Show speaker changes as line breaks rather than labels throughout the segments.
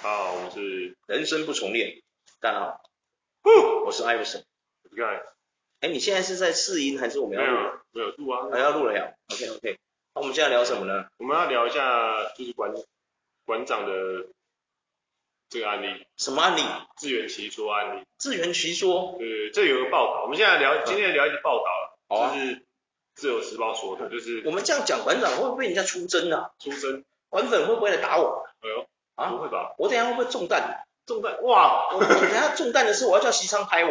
好，我們是人生不重練。大家好，我是艾弗森。Hi。哎，你現在是在試音還是我們要錄？
沒有沒有錄啊？還要錄了呀。OK OK。那我們現在聊什麼呢？我們要聊一下就是館館長的這個案例。什麼案例？自圓其說案例。
自圓其說。
對，這有個報道，我們現在聊今天聊一個報道了，就是自由時報說的，就是
我們這樣講館長會不會被人家出征啊？出征館粉會不會來打我？哎呦。啊，蛤不會吧？我等一下會不會中彈？中彈？哇！我，我等一下中彈的時候，我要叫西昌拍我，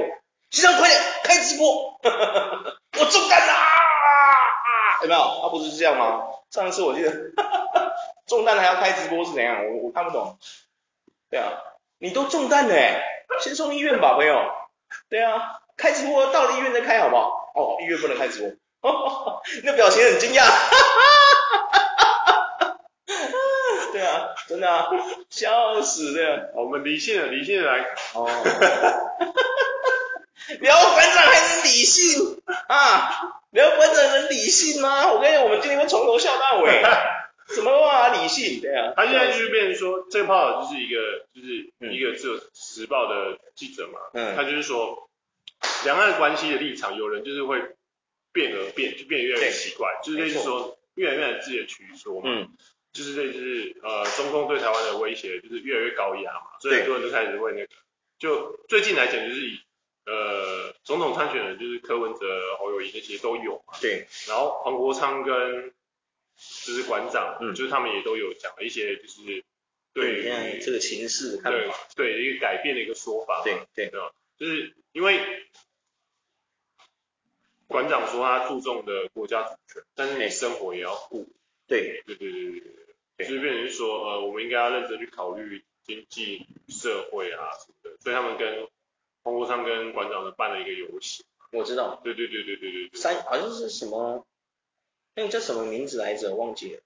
西 昌，快點開直播！ 我中彈啦、啊！有沒有？他、啊、不是這樣嗎？上一次我記得， 中彈還要開直播是怎樣？我我看不懂。對啊，你都中彈了誒，先送醫院吧，朋友。對啊，開直播到了醫院再開，好不好？哦，醫院不能開直播。你 那表情很驚訝。哈哈哈哈。
真的啊，笑死的！我們理性的理性的來。
哦，你要哈！劉館長還能理性啊？你要館長能理性嗎？我跟你講，我們今天會從頭笑到尾、啊。什麼話、啊、理性？對啊，他現在
就是變成說，對這個報道就是一個，就是一個自由時報的記者嘛。嗯。他就是說，兩岸關係的立場，有人就是會變而變，就變得越來越奇怪，對就是類似說，錯越來越來自己的取說嘛。嗯就是這就是呃，中共對臺灣的威脅就是越來越高壓嘛，所以很多人都開始問那個，對就最近來講就是以呃，總統參選人就是柯文哲、侯友宜那些都有嘛，對，然後黃國昌跟就是館長，嗯，就是他們也都有講了一些就是對，對這個形勢的看法對對，一個改變的一個說法對，對對啊，就是因為館長說他注重的國家主權，但是你生活也要顧，對，對對對。就是，是變成說，呃，我們應該要認真去考慮經濟、社會啊什麼的。所以他們跟通路商跟館長呢辦了一個遊行。我知道。對對對對對對
三。三好像是什麼？那個叫什麼名字來着？忘記了。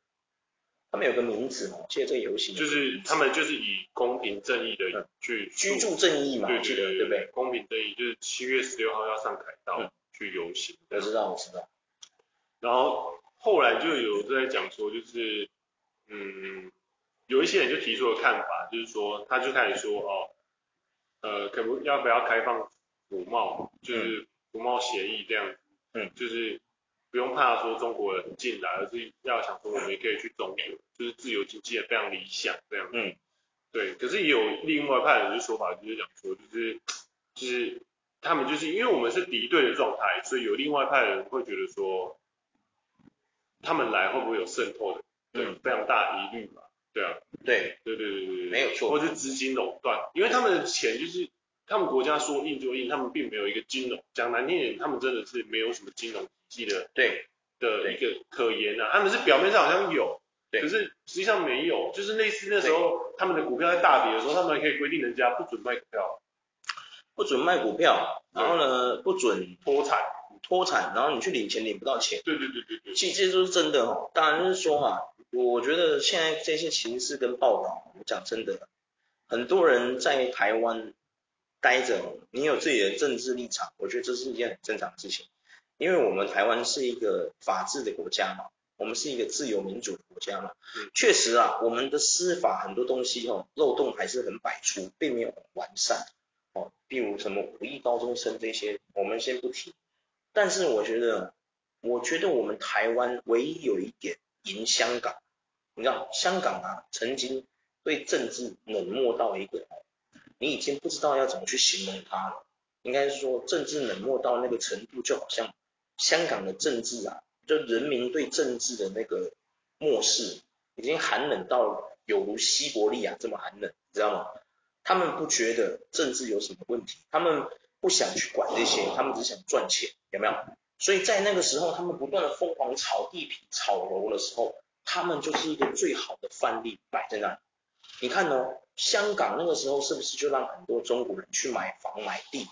他們有個名字嘛？記得這個遊行。就
是他們就是以公平正義的去、嗯。居住正義嘛？對對對對對。對對對公平正義就是七月十六號要上凱道、嗯、去遊行。我知道，我知道。然後後來就有在講說，就是。嗯，有一些人就提出了看法，就是說，他就開始說哦，呃，可不要不要開放服貿，就是服貿協議這樣嗯，就是不用怕說中國人進來，嗯、而是要想說我們也可以去中國，就是自由經濟也非常理想這樣，嗯，對。可是也有另外一派人的說法，就是講說，就是就是他們就是因為我們是敵對的狀態，所以有另外一派的人會覺得說，他們來會不會有滲透的？對、嗯，非常大疑慮嘛。對啊。對，對對對對對，沒有錯。或者資金壟斷，因為他們的錢就是他們國家說印就印，他們並沒有一個金融，講難聽點，他們真的是沒有什麼金融體系的，對，的一個可言啊。他們是表面上好像有，對可是實際上沒有，就是類似那時候對他們的股票在大跌的時候，他們還可以規定人家不准賣股票，不准賣股票，然後呢，
對不准脫產，脫產，然後你去領錢領不到錢。對，對對對對對。其實這些都是真的哈、哦，當然是說嘛。我覺得現在這些情勢跟報道，我講真的，很多人在台灣待着，你有自己的政治立場，我覺得這是一件很正常的事情。因為我們台灣是一個法治的國家嘛，我們是一個自由民主的國家嘛，確實啊，我們的司法很多東西哈、哦，漏洞還是很百出，並沒有完善。哦，比如什麼五億高中生這些，我們先不提。但是我覺得，我覺得我們台灣唯一有一點。贏香港，你知道香港啊，曾經對政治冷漠到一個，你已經不知道要怎麼去形容它了。應該是說政治冷漠到那個程度，就好像香港的政治啊，就人民對政治的那個漠視，已經寒冷到有如西伯利亞這麼寒冷，你知道嗎？他們不覺得政治有什麼問題，他們不想去管這些，他們只想賺錢，有沒有？所以在那個時候，他們不斷的瘋狂炒地皮、炒樓的時候，他們就是一個最好的範例擺在那裡。你看呢？香港那個時候是不是就讓很多中國人去買房、買地？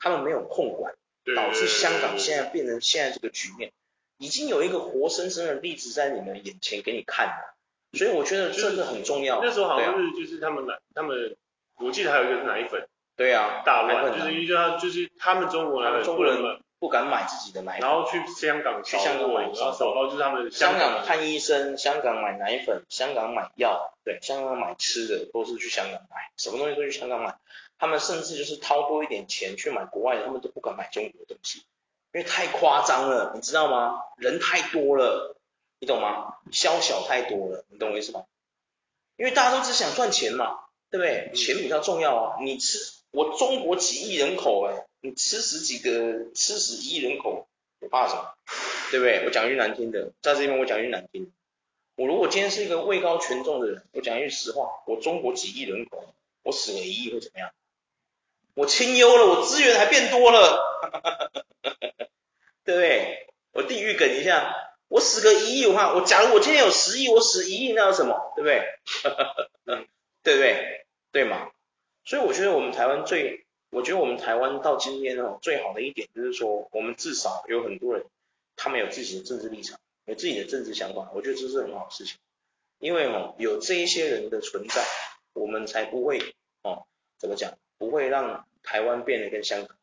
他們沒有控管，對對對對，導致香港現在變成現在這個局面。對對對對，已經有一個活生生的例子在你們眼前給你看了，所以我覺得真的很重要。就是、那時候好像
是就是他們買對、啊、他們我記得還有一個是奶粉，對啊，大亂就是因為就是他們中國人，中國人不能嘛。不敢買自己的奶粉，然後去香港，去香港買然，然後就是他們的香港看
醫生，香港買奶粉，香港買藥，對，香港買吃的都是去香港買，什麼東西都去香港買，他們甚至就是掏多一點錢去買國外的，他們都不敢買中國的東西，因為太誇張了，你知道嗎？人太多了，你懂嗎？宵小太多了，你懂我意思嗎？因為大家都只想賺錢嘛，對不對？錢比較重要啊，你吃我中國幾億人口哎、欸。你吃死幾個？吃死一億人口，我怕什麼？對不對？我講一句難聽的，但是因為我講一句難聽的。我如果今天是一個位高權重的人，我講一句實話，我中國幾億人口，我死個一億會怎麼樣？我清幽了，我資源還變多了， 對不對？我地獄梗一下，我死個一億的話，我假如我今天有十億，我死一億那有什麼？對不對？ 對不對？對嗎？所以我覺得我們台灣最。我覺得我們台灣到今天最好的一點就是說，我們至少有很多人，他們有自己的政治立場，有自己的政治想法。我覺得這是很好的事情，因為哦，有這一些人的存在，我們才不會哦，怎麼講，不會讓台灣變得跟香港。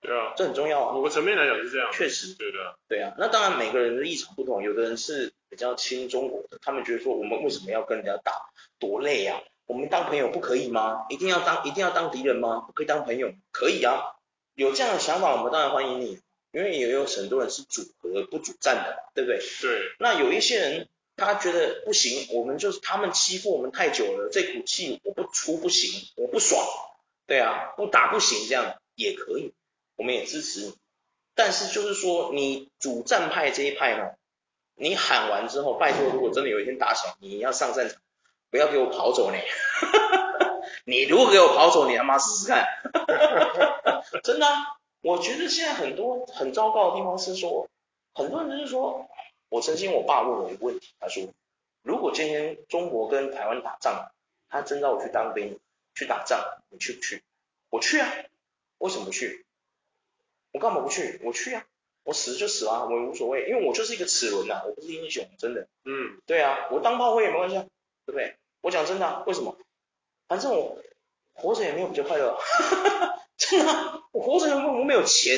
對啊，
這很重要啊。某個層面來講是這樣，確實，對啊的。
對啊，那當然每個人的立場不同，有的人是比較親中國的，他們覺得說，我們為什麼要跟人家打，多累啊。我們當朋友不可以嗎？一定要當一定要當敵人嗎？不可以當朋友，可以啊。有這樣的想法，我們當然歡迎你，因為也有很多人是主和不主戰的，對不對？對。那有一些人他覺得不行，我們就是他們欺負我們太久了，這股氣我不出不行，我不爽，對啊，不打不行，這樣也可以，我們也支持你。但是就是說，你主戰派這一派呢，你喊完之後，拜託，如果真的有一天打起來，你要上戰場。不要給我跑走你！ 你如果給我跑走你，他媽試試看！ 真的、啊，我覺得現在很多很糟糕的地方是說，很多人就是說，我曾經我爸問我一個問題，他說，如果今天中國跟台灣打仗，他真讓我去當兵去打仗，你去不去？我去啊！為什麼不去？我幹嘛不去？我去啊！我死就死啊，我無所謂，因為我就是一個齒輪吶、啊，我不是英雄，真的。嗯，對啊，我當炮灰也沒關係啊，對不對？我講真的、啊，為什麼？反正我活着也沒有比較快樂， 真的、啊，我活着很苦，我沒有錢，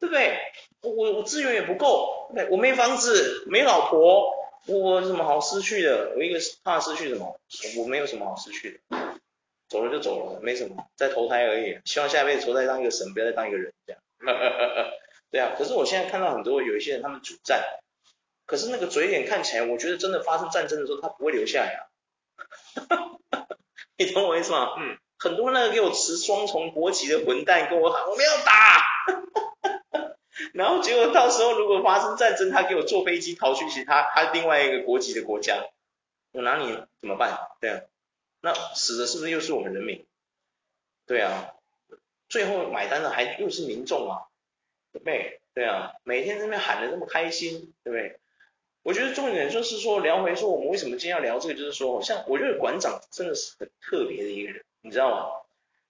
對不對？我我我資源也不夠，對，不對，我沒房子，沒老婆，我什麼好失去的？我一個怕失去什麼？我沒有什麼好失去的，走了就走了，沒什麼，再投胎而已。希望下一輩子投胎當一個神，不要再當一個人，這樣。對啊，可是我現在看到很多有一些人他們主戰，可是那個嘴臉看起來，我覺得真的發生戰爭的時候，他不會留下來、啊。 你懂我意思嗎？嗯，很多那個給我持雙重國籍的混蛋跟我喊我們要打， 然後結果到時候如果發生戰爭，他給我坐飛機逃去其他他另外一個國籍的國家，我拿你怎麼辦？對啊，那死的是不是又是我們人民？對啊，最後買單的還又是民眾啊，對不對？對啊，每天這邊喊的那麼開心，對不對？我覺得重點就是說，聊回說我們為什麼今天要聊這個，就是說，像我覺得館長真的是很特別的一個人，你知道嗎？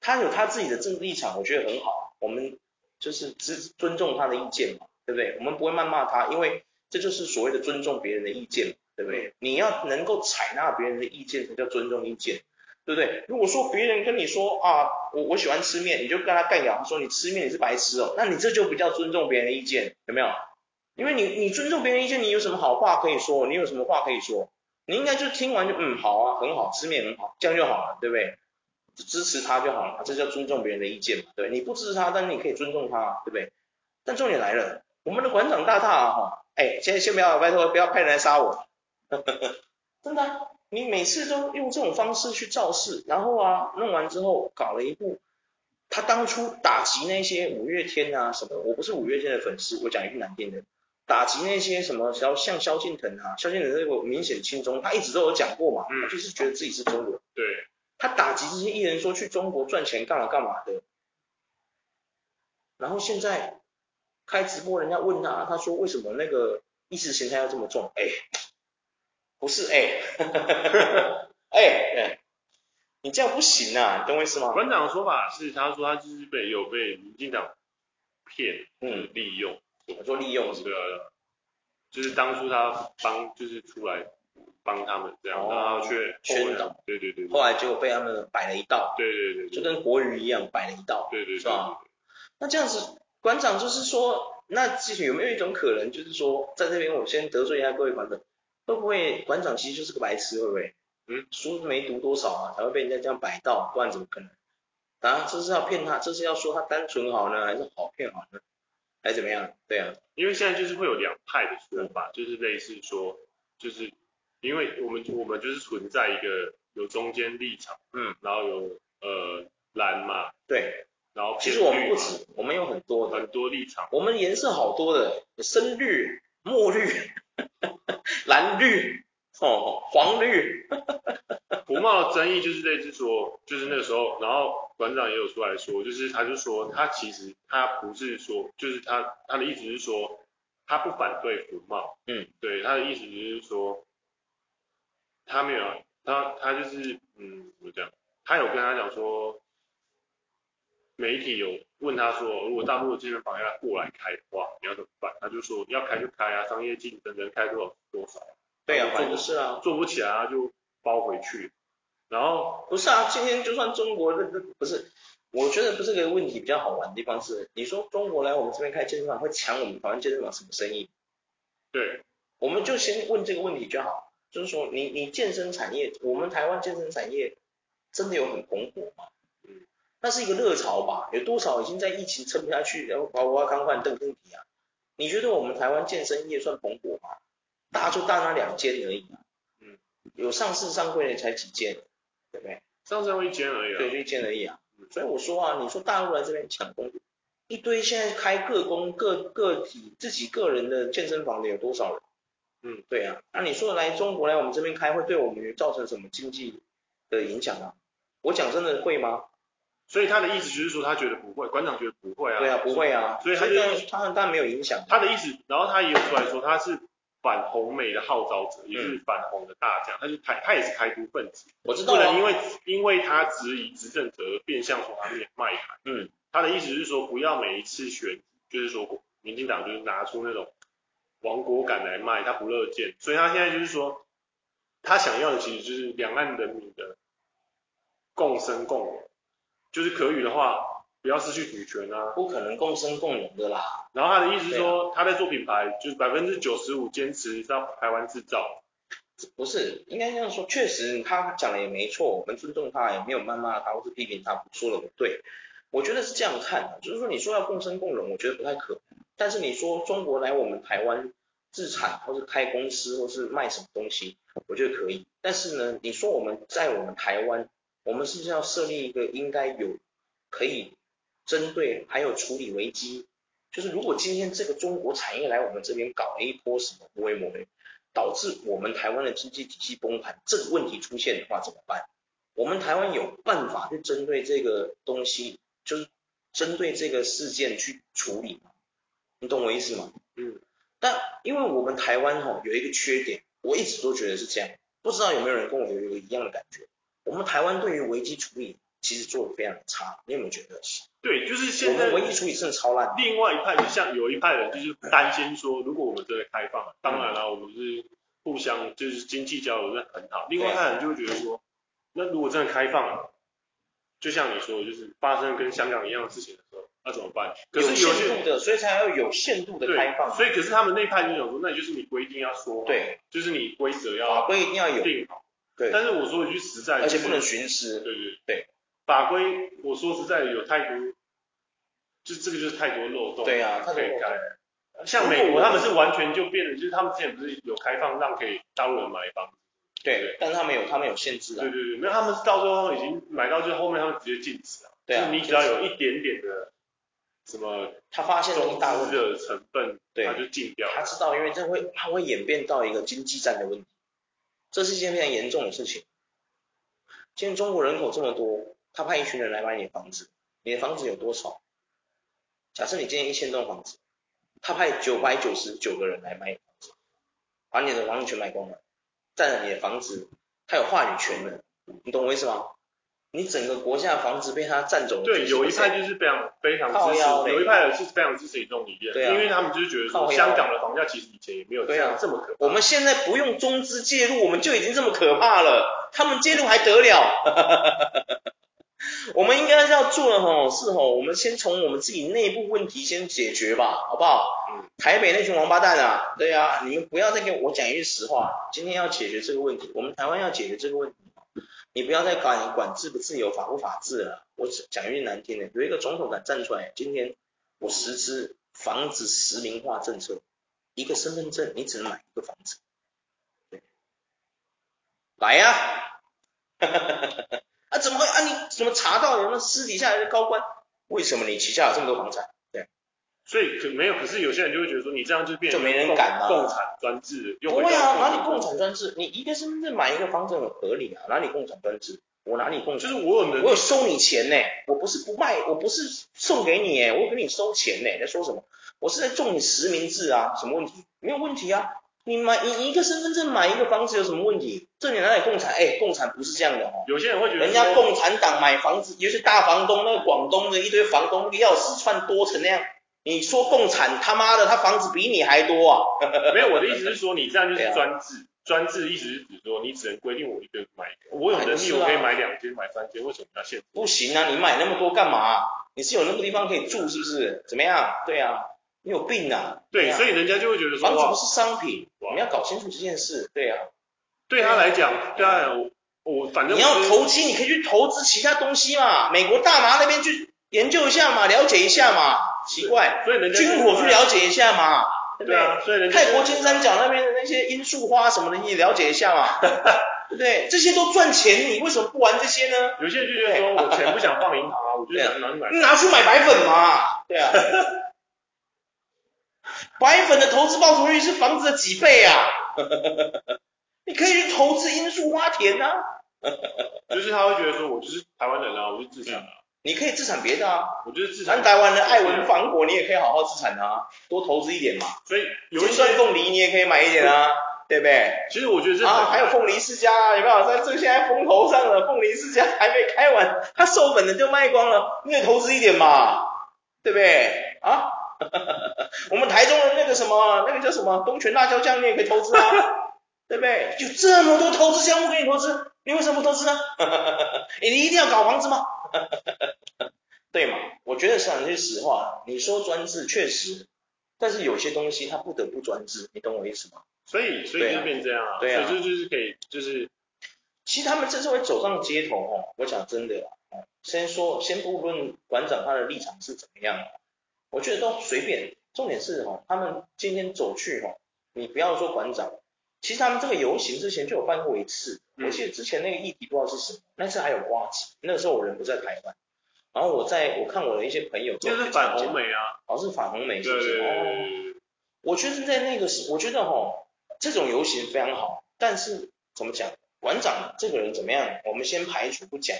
他有他自己的政治立場，我覺得很好，我們就是尊尊重他的意見嘛，對不對？我們不會謾罵他，因為這就是所謂的尊重別人的意見，對不對？你要能夠採納別人的意見才叫尊重意見，對不對？如果說別人跟你說啊，我我喜歡吃麵，你就跟他幹譙，說你吃麵你是白痴哦，那你這就不叫尊重別人的意見，有沒有？因為你你尊重別人意見，你有什麼好話可以說？你有什麼話可以說？你應該就聽完就嗯好啊，很好，吃麵很好，這樣就好了，對不對？就支持他就好了，這叫尊重別人的意見嘛？對不對？你不支持他，但是你可以尊重他，對不對？但重點來了，我們的館長大大哈、啊，哎，先先不要，拜托不要派人來殺我， 真的，你每次都用這種方式去造勢，然後啊弄完之後搞了一部，他當初打擊那些五月天啊什麼，我不是五月天的粉絲，我講一句難聽的。打擊那些什麼，像蕭敬騰啊，蕭敬騰這個明顯親中，他一直都有講過嘛，嗯、他就是覺得自己是中國。對，他打擊這些藝人說去中國賺錢幹嘛幹嘛的，然後現在開直播，人家問他，他說為什麼那個意識形態要這麼重？哎、欸，不是
哎，哎、欸 欸，你這樣不行啊，你懂我意思嗎？館長的說法是，他說他就是被有被民進黨騙嗯，利用。嗯我們說利用是是對、啊，對啊，就是當初他幫，就是出來幫他們這樣，哦、然後卻宣導，倒對，對對對，後來結果被他們擺了一道，對，對對對，就跟國瑜一樣擺了一道，對對，對對，是吧？對對對對，
那這樣子館長就是說，那其實有沒有一種可能，就是說在這邊我先得罪一下各位館長，會不會館長其實就是個白痴，會不會？嗯，書沒讀多少啊，才會被人家這樣擺道，不然怎麼可能？啊，這是要騙他，這是要說他單純好呢，還是好騙好呢？
還怎麼樣？對啊，因為現在就是會有兩派的說法，嗯、就是類似說，就是因為我們我們就是存在一個有中間立場，嗯，然後有呃藍嘛，對，然後其實我們不止，我們有很多的很多立場，
我們顏色好多的，深綠、墨綠、呵
呵藍綠。哦，黃綠，福 茂爭議就是類似說，就是那個時候，然後館長也有出來說，就是他就說他其實他不是說，就是他他的意思是說他不反對福茂。嗯，對，他的意思就是說他沒有，他他就是嗯，怎麼講，他有跟他講說媒體有問他說，如果大陸的健身房要過來開的話，你要怎麼辦？他就說要開就開啊，商業競爭能開多少多少。
對啊，是啊做，
做不起來啊，就包回去，然後
不是啊，今天就算中國那、那不是，我覺得不是個問題，比較好玩的地方是，你說中國來我們這邊開健身房會搶我們台灣健身房什麼生意？對，我們就先問這個問題就好，就是說你你健身產業，我們台灣健身產業真的有很蓬勃嗎？嗯，那是一個熱潮吧？有多少已經在疫情撐不下去，然後包括娃康換鄧登皮啊？你覺得我們台灣健身業算蓬勃？大、啊、就大那兩間而已嘛，嗯，有上市上櫃的才幾間，對不對？上市上櫃一間而已、啊。對，就一間而已啊。所以我說啊，你說大陸來這邊搶工，一堆現在開各工各個體自己個人的健身房的有多少人？嗯，對啊。那、啊、你說來中國來我們這邊開會，對我們造成什麼經濟的影響啊？
我講真的會嗎？所以他的意思就是說，他覺得不會，館長覺得不會啊。對啊，不會啊。是所以他的意思當然沒有影響。他的意思，然後他也有出來說他是。反紅媒的號召者，也就是反紅的大將，但是他是台，他也是台獨分子。嗯、我是不能因為因為他質疑執政者，變相從他面前賣台。嗯，他的意思是說，不要每一次選，就是說民進黨就是拿出那種亡國感來賣，他不樂見。所以，他現在就是說，他想要的其實就是兩岸人民的共生共榮。就是可以的話。不要失去主權啊，不可能共生共榮的啦。然後他的意思是說，啊、他在做品牌，就是百分之九十五堅持到台灣制造。不是，應該這樣說。確實他講的也沒錯，我們尊重
他，也沒有謾罵他或是批評他，說的不對。我覺得是這樣看的，就是說你說要共生共榮，我覺得不太可能。但是你說中國來我們台灣自產，或是開公司，或是賣什麼東西，我覺得可以。但是呢，你說我們在我們台灣，我們是不是要設立一個應該有可以？針對還有處理危機，就是如果今天這個中國產業來我們這邊搞 A 波什麼規模的，導致我們台灣的經濟體系崩盤，這個問題出現的話怎麼辦？我們台灣有辦法去針對這個東西，就是針對這個事件去處理嗎？你懂我意思嗎？嗯。但因為我們台灣吼、哦、有一個缺點，我一直都覺得是這樣，不知道有沒有人跟我有一個一樣的感覺，我們台灣對
於危機處理。其實做的非常差，你有沒有覺得是？對，就是現在。文藝處理真的超爛。另外一派像有一派人就是擔心說，如果我們真的開放了，當然了，我們是互相就是經濟交流是很好。對另外一派人就會覺得說，那如果真的開放了，就像你說，就是發生跟香港一樣的事情的時候，那怎麼辦？可是有限度的，所以才要有限度的開放。所以，可是他們那派就想說，那也就是你規定要說，對，就是你規則要、啊、不一定要有定好
考。對，但是我說
一句實在、就是，而且不能徇私。對對對。對法規，我說實在的，有太多，就這個就是太多漏洞。對啊，太多可以改。像美國，他們是完全就變了，就是他們之前不是有開放讓可以大陸人買房子？對，對但他們有，他們有限制的、啊、對對對，沒有，他們是到最後已經買到，就是後面他們直接禁止了。對、啊、就是你只要有一點點的什麼，他發現大陸的成分，他，他就禁掉。他知道，因為這會，他會演變到
一個經濟戰的問題，這是一件非常嚴重的事情。現在中國人口這麼多。他派一群人來買你的房子，你的房子有多少？假設你今天一千棟房子，他派九百九十九個人來買你的房子，把你的房子全買光了，佔了你的房子，他有話語權的，你懂我意思嗎？你整個國家的房子被他佔走了。對，有一派就
是非常非常支持，欸、有一派的是非常支持一種理念，對啊、因為他們就是覺得說，欸、香港的房價其實以前也沒有這樣這麼可怕、啊。我們
現在不用中資介入，我們就已經這麼可怕了， 他們介入還得了？ 我們應該要做的吼是吼，我們先從我們自己內部問題先解決吧，好不好？台北那群王八蛋啊，對啊，你們不要再給我講一句實話。今天要解決這個問題，我們台灣要解決這個問題，你不要再管你管自不自由、法不法治了。我講一句難聽的，有一個總統敢站出來，今天我實施房子實名化政策，一個身份證你只能買一個房子。對，來呀，啊！哈哈哈哈哈。啊，怎麼會啊？你怎麼查到的？那私底下那些高官？
為什麼你旗下有這麼多房產？對，所以可沒有，可是有些人就會覺得說，你這樣就變成，就沒人敢嗎？產共產專制？不會啊，哪裡共，共產
專制？你一個身份證買一個房產很合理啊，哪裡共產專制？我哪裡共產、嗯？就是我有能力，我有收你錢呢、欸，我不是不賣，我不是送給你哎、欸，我給你收錢呢、欸，在說什麼？我是在種你實名制啊，什麼問題？沒有問題啊。你買你一個身份證買一個房子有什麼問題？這裡哪裡共產？哎、欸，共產不是這樣的哦、啊。有些人會覺得，人家共產黨買房子，尤其大房東，那個廣東的一堆房東，鑰匙串多成那樣。你說共產，他媽的，他房子比你還多啊！ 沒有，我的意
思是說，你這樣就是專制。專制、啊啊、意思是指說，你只能規定我一個人買一個，我有能力我可以買兩間、買三間，為什麼要限制？不行啊！你買那麼多幹嘛？
你是有那麼地方可以住，是不是？怎麼樣？對啊。你有病啊！對，所以人家就會覺得說，房子是商品，你要搞清楚這件事。對啊，對他來講，對啊，我反正你要投機，你可以去投資其他東西嘛，美國大麻那邊去研究一下嘛，了解一下嘛，奇怪，所以人家軍火去了解一下嘛，對啊，所以人家泰國金三角那邊的那些罌粟花什麼的，你也了解一下嘛，對不對？這些都賺錢，你為什麼不玩這些呢？
有些人就覺得說我錢不想放銀行啊，我就拿去買，你拿去買白粉嘛，對啊。
白粉的投資報酬率是房子的幾倍啊？ 你可以去投資罌粟花田啊。就是他
會覺得說，我就是台灣人啊，我就自產啊。你可以自產別的啊。我就是自產、啊。咱台灣的愛文芒果，
你也可以好好自產啊，多投資一點嘛。所以有金鑽鳳梨，你也可以買一點啊，我對不吧對？其實我覺得就是啊，還有鳳梨釋迦啊，有沒有？但這個現在風頭上了，鳳梨釋迦還沒開完，他授粉的就賣光了，你也投資一點嘛，對不對？啊？哈哈哈哈哈， 我們台中的那個什麼、啊，那個叫什麼、啊、東泉辣椒醬，你也可以投資啊， 對不對？就這麼多投資項目給你投資，你為什麼不投資呢？哈哈哈哈哈，你一定要搞房子嗎？哈哈哈哈哈，對嘛？我覺得講句實話，你說專制確實，但是有些東西它不得不專制，你懂我意思嗎？所以所以就變成這樣了，對啊，所以就，就是可以就是，其實他們這次會走上街頭哦、啊，我講真的、啊，先說先不論館長他的立場是怎麼樣、啊。我覺得都隨便，重點是哈、哦，他們今天走去哈、哦，你不要說館長，其實他們這個遊行之前就有辦過一次，我記得之前那個議題不知道是什麼，那次還有瓜子，那個時候我人不在台灣，然後我在我看我的一些朋友就是反紅媒啊，哦是反紅媒，對對對，哦，我覺得在那個時，我覺得哈、哦，這種遊行非常好，但是怎麼講，館長這個人怎麼樣，我們先排除不講。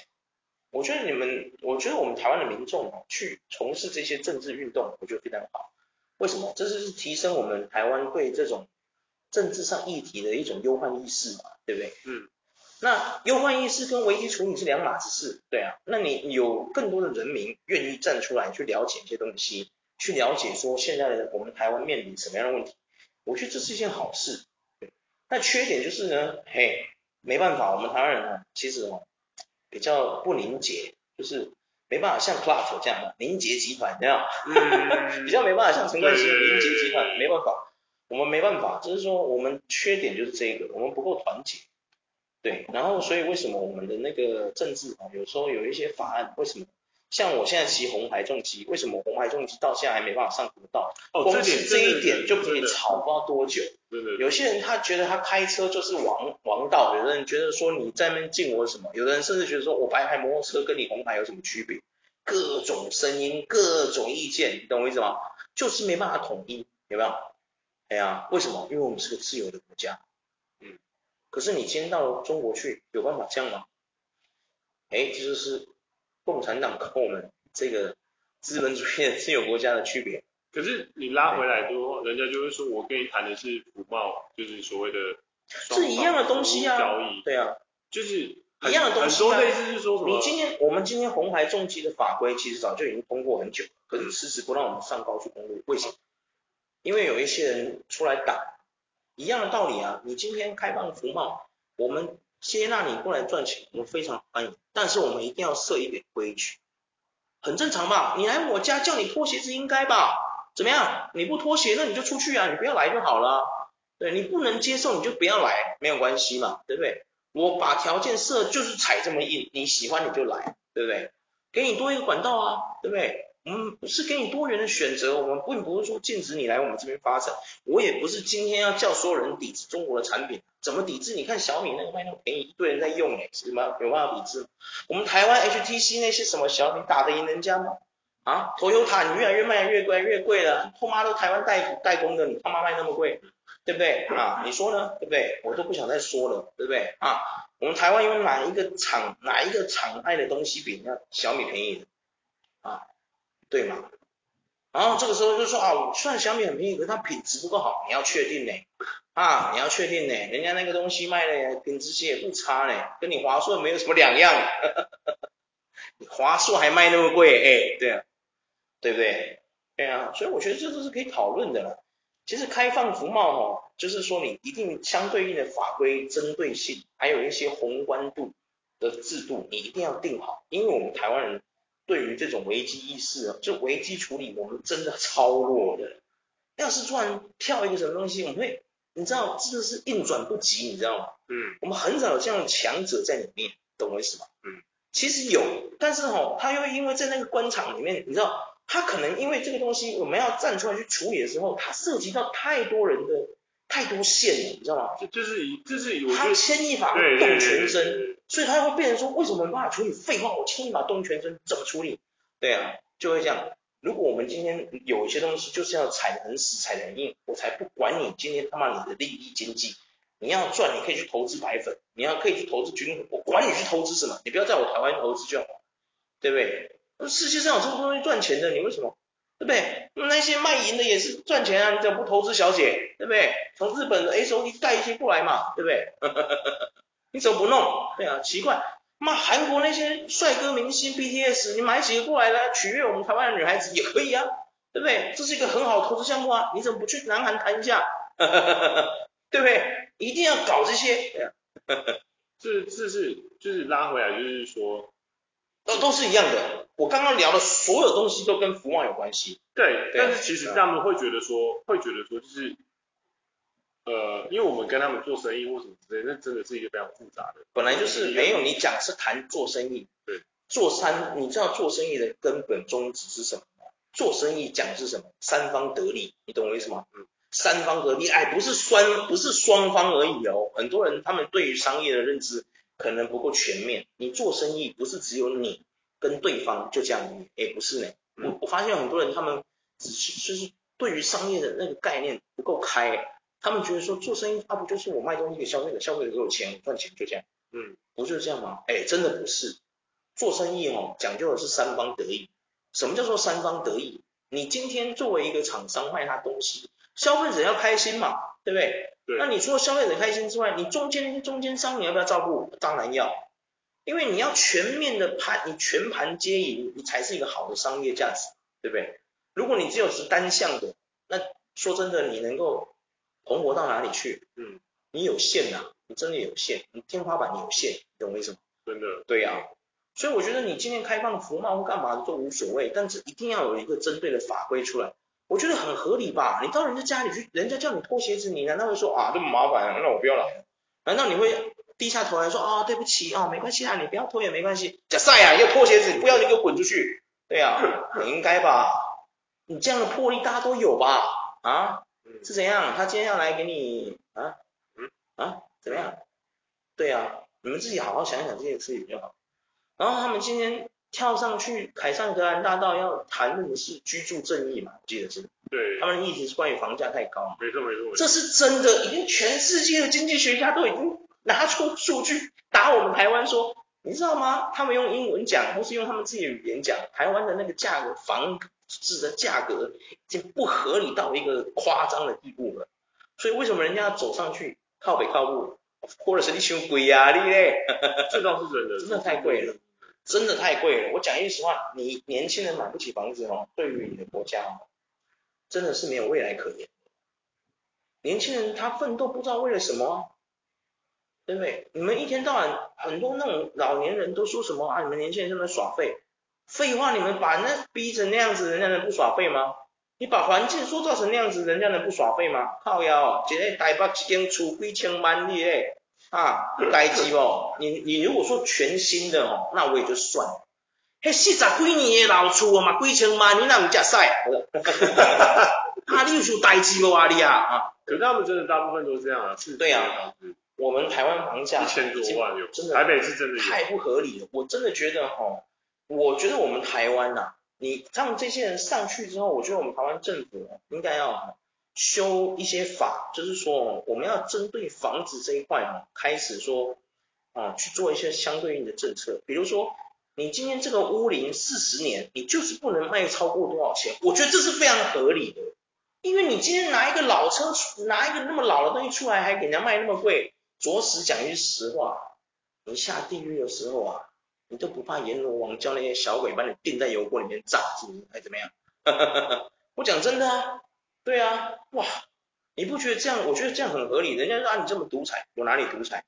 我覺得你們，我覺得我們台灣的民眾啊，去從事這些政治運動，我覺得非常好。為什麼？這就是提升我們台灣對這種政治上議題的一種憂患意識嘛，對不對？嗯。那憂患意識跟危機處理是兩碼子事，對啊。那你有更多的人民願意站出來去了解一些東西，去了解說現在我們台灣面臨什麼樣的問題，我覺得這是一件好事。但缺點就是呢，嘿，沒辦法，我們台灣人啊，其實哦。比較不凝結，就是沒辦法像 Clust 這樣的凝結集團，你知道嗎？Mm hmm. 比較沒辦法像陳冠希凝結集團，沒辦法，我們沒辦法，就是說我們缺點就是這個，我們不夠團結。對，然後所以為什麼我們的那個政治啊，有時候有一些法案，為什麼？像我現在騎紅牌重機，為什麼紅牌重機到現在還沒辦法上國道？哦，這這一點對對對，就可以吵不知道多久。對對對，有些人他覺得他開車就是王王道，有的人覺得說你在那邊禁我什麼，有的人甚至覺得說我白牌摩托車跟你紅牌有什麼區別？各種聲音，各種意見，你懂我意思嗎？就是沒辦法統一，有沒有？哎呀，為什麼？因為我們是個自由的國家。嗯。可是你今天到了中國去，有辦法這樣嗎？哎，這就
是。共產黨跟我們這個資本主義的自由國家的區別。可是你拉回來之後，對人家就會說，我跟你談的是服貿，就是所謂的
是一樣的東西啊，交易，對啊，
就是一樣的東西啊。很多例子是說什麼？你今天，
我們今天紅牌重機的法規其實早就已經通過很久了，可是遲遲不讓我們上高速公路，為什麼？因為有一些人出來擋。一樣的道理啊，你今天開放服貿，我們。接納你過來賺錢，我非常歡迎。但是我們一定要設一點規矩，很正常吧？你來我家叫你脫鞋子應該吧？怎麼樣？你不脫鞋，那你就出去啊！你不要來就好了。對，你不能接受，你就不要來，沒有關係嘛，對不對？我把條件設就是踩這麼硬，你喜歡你就來，對不對？給你多一個管道啊，對不對？我們不是給你多元的選擇，我們並不是說禁止你來我們這邊發展。我也不是今天要叫所有人抵制中國的產品。怎麼抵制？你看小米那個賣那麼便宜，一堆人在用哎，是嗎？有辦法抵制。我們台灣 HTC 那些什麼小米打得贏人家嗎？啊，Toyota 你越來越賣越貴越貴了，後媽都台灣代代工的，你他媽賣那麼貴，對不對啊？你說呢？對不對？我都不想再說了，對不對啊？我們台灣有哪一個廠哪一個廠賣的東西比人家小米便宜的啊？對嗎？然後這個時候就說啊，雖然小米很便宜，可是它品質不夠好，你要確定呢。啊，你要確定呢，人家那個東西賣的也品質些也不差呢，跟你華碩也沒有什麼兩樣，哈哈哈哈，你華碩還賣那麼貴，哎、欸，對啊，對不對？對啊，所以我覺得這都是可以討論的了。其實開放服貿哈、哦，就是說你一定相對應的法規針對性，還有一些宏觀度的制度你一定要定好，因為我們台灣人。對於這種危機意識啊，就危機處理，我們真的超弱的。要是突然跳一個什麼東西，我們會，你知道，這個是運轉不及，你知道嗎？嗯。我們很少有這樣的強者在裡面，懂我意思嗎？嗯。其實有，但是吼、哦，他又因為在那個官場裡面，你知道，他可能因為這個東西，我們要站出來去處理的時候，他涉及到太多人的太多線了，你知道嗎？就就是有，這就是就他牽一髮，動全身。嗯嗯嗯。所以他會被人說，為什麼沒辦法出力？廢話，我輕易把動全身怎麼處理？對啊，就會這樣。如果我們今天有一些東西，就是要踩得很死，踩得很硬，我才不管你今天他媽你的利益經濟，你要賺，你可以去投資白粉，你要可以去投資軍火，我管你去投資什麼，你不要在我台灣投資就好，對不對？世界上有這麼多東西賺錢的，你為什麼？對不對？那些賣淫的也是賺錢啊，你怎麼不投資小姐？對不對？從日本的 SOD 帶一些過來嘛，對不對？ 你怎麼不弄？對啊，奇怪，那韓國那些帥哥明星 BTS，你買幾個過來呢、啊，取悅我們台灣的女孩子也可以啊，對不對？這是一個很好的投資項目啊，你怎麼不去南韓談一下？哈哈哈哈哈，對不對？一
定要搞這些。哈哈、啊，是是是，就是拉回來，就是說都都是一樣的。我剛剛聊的所有東西都跟福旺有關係。對，對啊、但是其實他們會覺得說，啊、會覺得說就是。呃，因為我們跟他們做生意或什麼之類的，那真的是一個非常複雜的。本來就是沒有你講是談做生意，
對，做三，你知道做生意的根本宗旨是什麼嗎？做生意講是什麼？三方得利，你懂我意思嗎？嗯，三方得利，哎，不是雙，不是雙方而已哦。很多人他們對於商業的認知可能不夠全面。你做生意不是只有你跟對方就這樣，也、欸、不是呢。嗯、我我發現很多人他們只是就是對於商業的那個概念不夠開。他們覺得說做生意，他不就是我賣東西給消費者，消費者給我錢，我賺錢就這樣，嗯，不就這樣嗎？哎，真的不是，做生意哦，講究的是三方得益。什麼叫做三方得益？你今天作為一個廠商賣他東西，消費者要開心嘛，對不對？對。那你除了消費者開心之外，你中間那些中間商你要不要照顧我？當然要，因為你要全面的盤，你全盤皆贏，你才是一個好的商業價值，對不對？如果你只有是單向的，那說真的，你能夠。紅火到哪裡去？嗯，你有限吶、啊，你真的有限，你天花板有限，你懂我意思嗎？真的。對呀、啊，所以我覺得你今天開放福茂或幹嘛的都無所謂，但是一定要有一個針對的法規出來，我覺得很合理吧？你到人家家裡去，人家叫你脫鞋子，你難道會說，啊這麼麻煩、啊，那我不要了？難道你會低下頭來說，啊對不起啊沒關係啊你不要脫也沒關係，假曬啊要脫鞋子你不要你給我滾出去，對呀、啊， 很應該吧？你這樣的魄力大家都有吧？啊？是怎樣？他今天要來給你啊？嗯啊？怎麼樣？對啊，你們自己好好想一想這件事情就好。然後他們今天跳上去凱達格蘭大道要談論的是居住正義嘛？記得是？對，他們的議題是關於房價太高。沒錯沒錯。這是真的，已經全世界的經濟學家都已經拿出數據打我們台灣說，你知道嗎？他們用英文講，或是用他們自己的語言講，台灣的那個價格房。質的價格已經不合理到一個誇張的地步了，所以為什麼人家走上去靠北靠陸，或者是一些鬼壓力嘞？這倒是真的， 真的太貴了，真的太貴了。我講一句實話，你年輕人買不起房子哦，對於你的國家，真的是沒有未來可言。年輕人他奮鬥不知道為了什麼，對不對？你們一天到晚很多那種老年人都說什麼啊？你們年輕人在那耍廢。廢話，你們把那逼成那樣子，人家能不耍廢嗎？你把環境塑造成那樣子，人家能不耍廢嗎？靠腰，姐妹大把錢出，貴千萬里，啊。你哎啊！不呆機哦，你你如果說全新的哦，那我也就算了。嘿，四十幾年的老厝啊嘛，貴千萬，你哪我們西？哈哈哈！啊，你有受大機無啊你啊？可是他們真的大部分都是這樣啊？是對啊，是是我們台灣房價一千多萬有，真的台北是真的太不合理了，真我真的覺得哦。我覺得我們台灣吶、啊，你讓這些人上去之後，我覺得我們台灣政府應該要修一些法，就是說我們要針對房子這一塊哈、啊，開始說啊去做一些相對應的政策。比如說，你今天這個屋齡四十年，你就是不能賣超過多少錢。我覺得這是非常合理的，因為你今天拿一個老車，拿一個那麼老的東西出來，還給人家賣那麼貴，着實講句實話，你下地獄的時候啊。你都不怕閻羅王叫那些小鬼把你釘在油鍋裡面炸死，還怎麼樣？ 我講真的啊，對啊，哇，你不覺得這樣？我覺得這樣很合理。人家讓、啊、你這麼獨裁，我哪裡獨裁？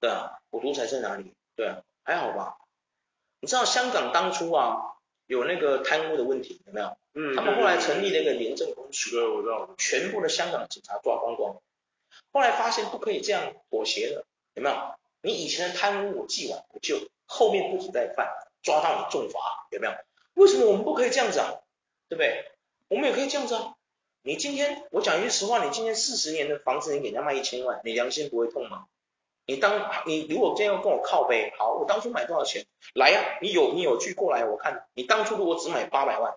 對啊，我獨裁在哪裡？對啊，還好吧？你知道香港當初啊有那個貪污的問題有沒有？嗯。他們後來成立了一個廉政公署。對、嗯，我知道。嗯，全部的香港警察抓光光，後來發現不可以這樣妥協了，有沒有？你以前的貪污我，我既往不咎。後面不止再犯，抓到你重罰，有沒有？為什麼我們不可以這樣子啊？對不對？我們也可以這樣子啊。你今天我講一句實話，你今天四十年的房子你給人家賣一千萬，你良心不會痛嗎？你當你如果今天要跟我靠背，好，我當初買多少錢？來呀、啊，你有你有據過來，我看你當初如果只買八百萬，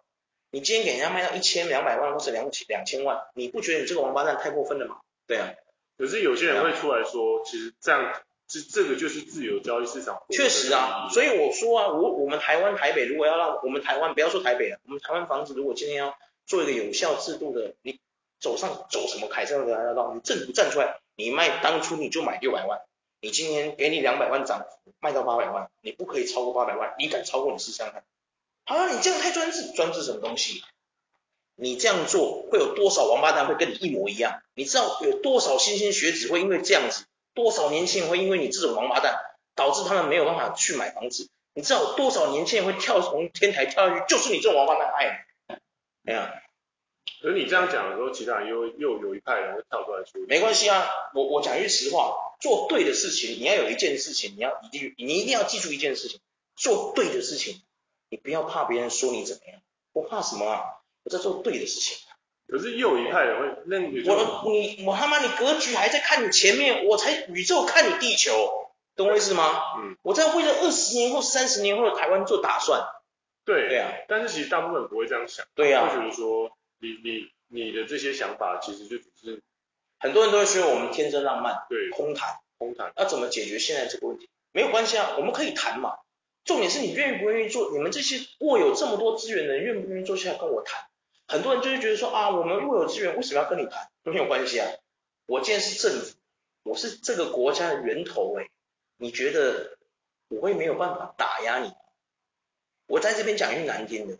你今天給人家賣到一千兩百萬或是兩千兩千萬，你不覺得你這個王八蛋太過分了嗎？
對啊，可是有些人會出來說，啊、其實這樣。是這，這個就是自由交易市場，確實啊，吧所以我說啊，我
我們台灣台北如果要讓我們台灣不要說台北了，我們台灣房子如果今天要做一個有效制度的，你走上走什麼凱盛的來了，你政府站出來，你賣當初你就買六百萬，你今天給你兩百萬漲幅，賣到八百萬，你不可以超過八百萬，你敢超過你試試看。好啊，你這樣太專制，專制什麼東西？你這樣做會有多少王八蛋會跟你一模一樣？你知道有多少新興學子會因為這樣子？多少年輕人會因為你這種王八蛋，導致他們沒有辦法去買房子？你知道多少年輕人會跳從天台跳下去，就是你這種王八蛋害你。可是你這樣講的時候，其他人又又有一派人會跳出來說，沒關係啊，我我講一句實話，做對的事情，你要有一件事情，你要一定你一定要記住一件事情，做對的事情，你不要怕別人說你怎麼樣，我怕什麼啊？我在做對的事情。
可是又一派人會那你、就是、我你
我他媽你格局還在看你前面，對我才宇宙看你地球，懂我意思嗎？嗯。我在為了二十年或三十年後的台
灣做打算。對。對啊。但是其實大部分人不會這樣想。對呀。會覺得說、啊、你你你的這些想法其實就只是。很多人都會說我們天真浪漫。對。空
談。空談。那怎麼解決現在這個問題？沒有關係啊，我們可以談嘛。重點是你願意不願意做？你們這些握有這麼多資源的人，願不願意坐下來跟我談？很多人就是覺得說啊，我們如有資源，為什麼要跟你談？沒有關係啊，我既然是政府，我是這個國家的源頭，欸，誒，你覺得我會沒有辦法打壓你嗎？我在這邊講一句難聽的，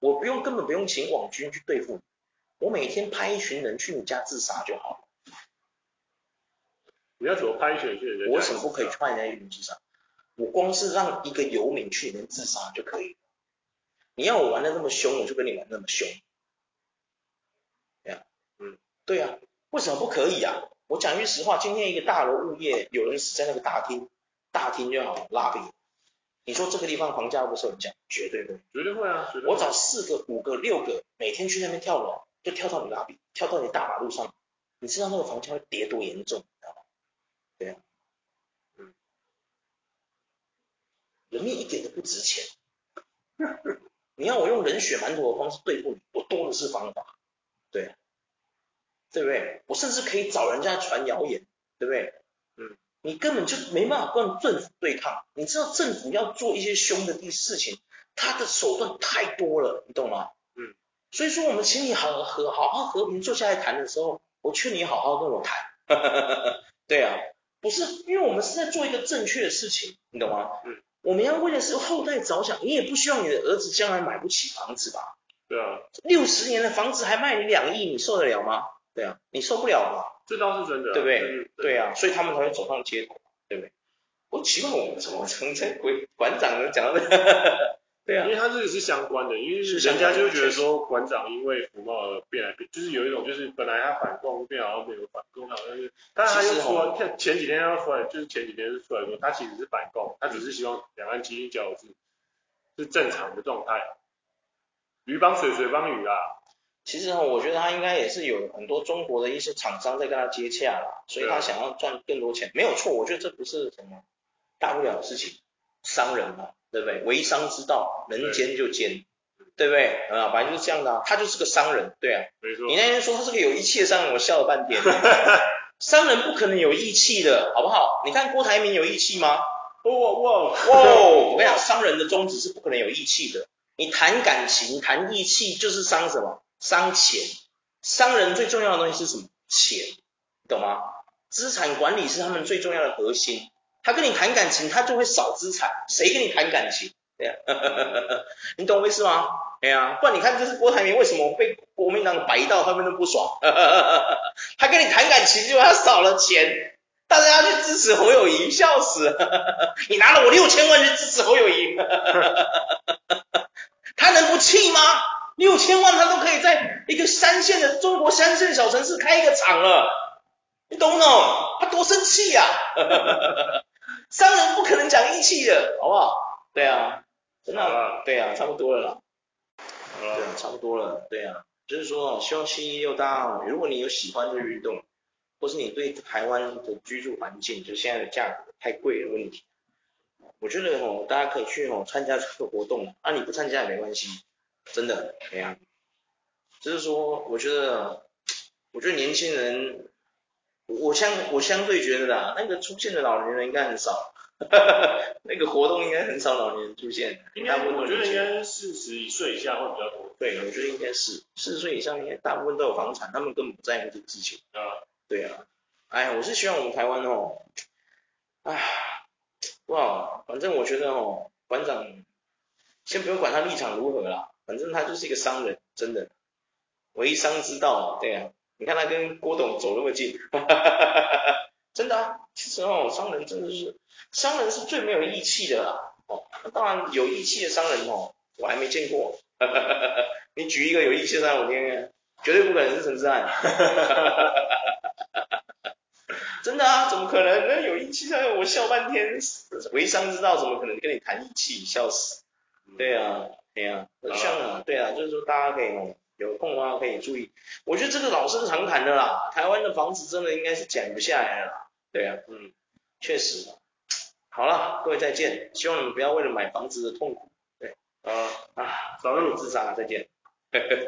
我不用根本不用請網軍去對付你，我每天派一群人去你家自殺就好了。你要怎麼派一群人？我怎麼不可以派那一群雲自殺？我光是讓一個遊民去你，你們自殺就可以了。你要我玩的那麼凶，我就跟你玩那麼凶。對啊，為什麼不可以啊？我講一句實話，今天一個大樓物業有人死在那個大廳，大廳叫拉比，你說這個地方房價會不會受影響？絕對會，絕
對會啊！我找
四個、五個、六個，每天去那邊跳樓，就跳到你拉比，跳到你大馬路上，你身上那個房價會跌多嚴重，你知道嗎？對啊，嗯、人命一點都不值錢， 你要我用人血饅頭的方式對付你，我多的是方法，對、啊。對不對？我甚至可以找人家傳謠言，對不對？嗯，你根本就沒辦法跟政府對抗。你知道政府要做一些凶的事情，他的手段太多了，你懂嗎？嗯，所以說我們請你好好和，好好和平坐下來談的時候，我勸你好好跟我談。哈哈哈哈哈。對啊，不是，因為我們是在做一個正確的事情，你懂嗎？嗯，我們要為的是後代着想。你也不希望你的兒子將來買不起房子吧？對啊，嗯，六十年的房子還賣你兩億，你受得了嗎？對啊，你受不了嘛？
這倒是真的，啊，對不對？對啊，所以他們才會走上街頭，對不對？我奇怪，我們怎麼成在鬼館長就講了？ 對啊，因為他這個是相關的，因為人家就覺得說館長因為服貿而變來變，實就是有一種就是本來他反共變好像沒有反共好像是，但是他又說，前幾天他又出來，就是前幾天是出來說他其實是反共，嗯、他只是希望兩岸經濟交流是正常的狀態，魚幫水，水幫魚啊。其實我
覺得他應該也是有很多中國的一些廠商在跟他接洽啦，所以他想要賺更多錢，啊、沒有錯。我覺得這不是什麼大不了的事情，商人嘛、啊，對不對？為商之道，能奸就奸，對，對不對？啊，反正就是這樣的啊，他就是個商人，對啊。沒錯。你那天說他是個有義氣的商人，我笑了半天。 商人不可能有義氣的，好不好？你看郭台銘有義氣嗎？哇哇哇！我跟你講，商人的宗旨是不可能有義氣的。你談感情、談義氣就是商什麼？商錢，商人最重要的東西是什麼？錢，懂嗎？資產管理是他們最重要的核心。他跟你談感情，他就會少資產。誰跟你談感情？對呀、啊，你懂我意思嗎？對呀、啊，不然你看，這是郭台銘為什麼被國民黨擺一道，他們都不爽。呵呵呵，他跟你談感情，結果，他少了錢，但是他去支持侯友宜，笑死呵呵呵！你拿了我六千萬去支持侯友宜，他能不氣嗎？六千萬，他都可以在一個三線的中國三線小城市開一個廠了，你懂不懂？他多生氣呀、啊！ 商人不可能講義氣的，好不好？對啊，真的，了對啊，了差不多了啦。了對，差不多了，對啊。就是說，希望七一六大，如果你有喜歡的運動，或是你對台灣的居住環境，就現在的價格太貴的問題，我覺得吼、哦，大家可以去吼、哦、參加這個活動。啊，你不參加也沒關係。真的，哎呀、啊，就是說，我覺得，我覺得年輕人，我相我相對覺得啦，那個出現的老年人應該很少，呵呵那個活動應該很少老年人出現。應該大部分我覺得應該
四十歲以下會比較多。對，我
覺得應該是四十歲以上應該大部分都有房產，他們根本不在乎這個事情。啊、嗯，對啊，哎，我是希望我們台灣哦，哎，哇，反正我覺得哦，館長，先不用管他立場如何啦。反正他就是一個商人，真的，為商之道，對啊，你看他跟郭董走那麼近，哈哈哈哈哈。真的啊，其實哦，商人真的是，商人是最沒有義氣的啦。哦，當然有義氣的商人哦，我還沒見過，哈哈哈哈哈。你舉一個有義氣的商人我聽聽，絕對不可能是陳志安，哈哈哈哈哈。真的啊，怎麼可能能有義氣，我笑半天，為商之道怎麼可能跟你談義氣？笑死。對啊。對啊 Yeah,、uh,，對啊，就是說大家可以有空的、啊、話可以注意。我覺得這個老生常談的啦，台灣的房子真的應該是減不下來了。對啊，嗯，確實。好了，各位再見。希望你們不要為了買房子的痛苦，對，啊、uh, 啊，早日自殺再見。